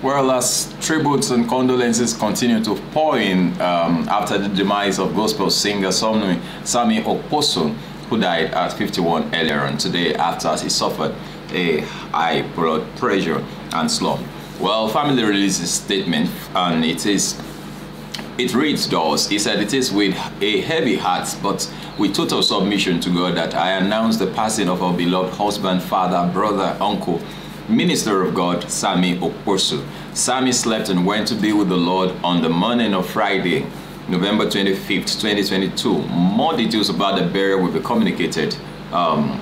Well, as tributes and condolences continue to pour in um, after the demise of gospel singer Sammy, Sammy Oposo, who died at 51 earlier on today after he suffered a high blood pressure and slump. Well, family released a statement and it is it reads thus, he said, it is with a heavy heart, but with total submission to God that I announce the passing of our beloved husband, father, brother, uncle, minister of God, Sammy Oposu. Sammy slept and went to be with the Lord on the morning of Friday, November 25th, 2022. More details about the burial will be communicated um,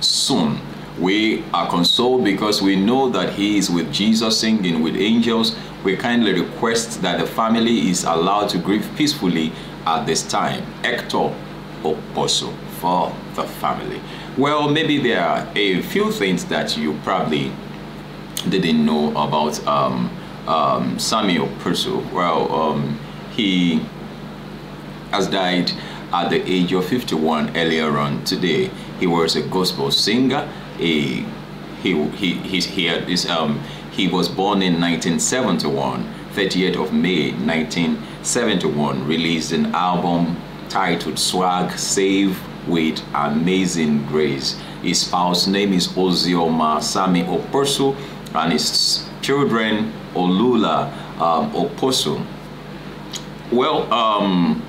soon. We are consoled because we know that he is with Jesus singing with angels. We kindly request that the family is allowed to grieve peacefully at this time. Hector Oposo for the family. Well, maybe there are a few things that you probably didn't know about um, um, Samuel Oposo. Well, um, he has died at the age of 51 earlier on today. He was a gospel singer. A, he, he, he, he, had this, um, he was born in 1971, 30th of May 1971, released an album titled Swag Save with Amazing Grace. His spouse name is Ozioma Sami Oposu and his children Olula um, Oposu. Well, um,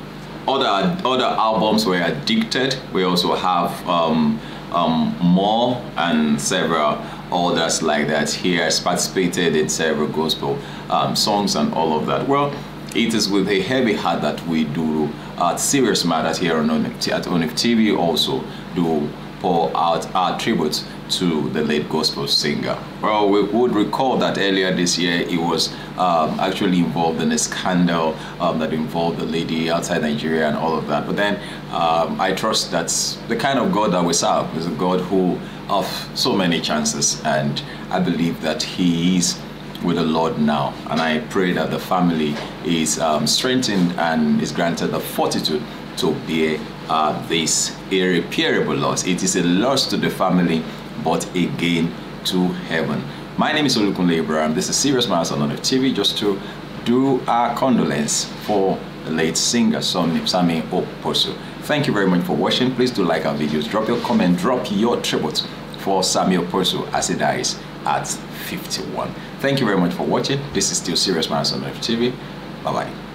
other other albums were Addicted. We also have um, um, more and several others like that. He has participated in several gospel um, songs and all of that. Well, it is with a heavy heart that we do uh, serious matters here on UNIF, at UNIF TV also do pour out our tributes to the late gospel singer. Well, we would recall that earlier this year he was um, actually involved in a scandal um, that involved the lady outside Nigeria and all of that. But then um, I trust that's the kind of God that we serve is a God who of so many chances and I believe that he is with the Lord now. And I pray that the family is um, strengthened and is granted the fortitude to bear uh, this irreparable loss. It is a loss to the family, but a gain to heaven. My name is Olukunle Abraham. This is Serious Matters on the TV just to do our condolence for the late singer, Son Nipsami Oposo. Thank you very much for watching. Please do like our videos, drop your comment, drop your tribute for Samuel Oposo as he dies at 51. Thank you very much for watching. This is still Serious Matters on FTV. Bye-bye.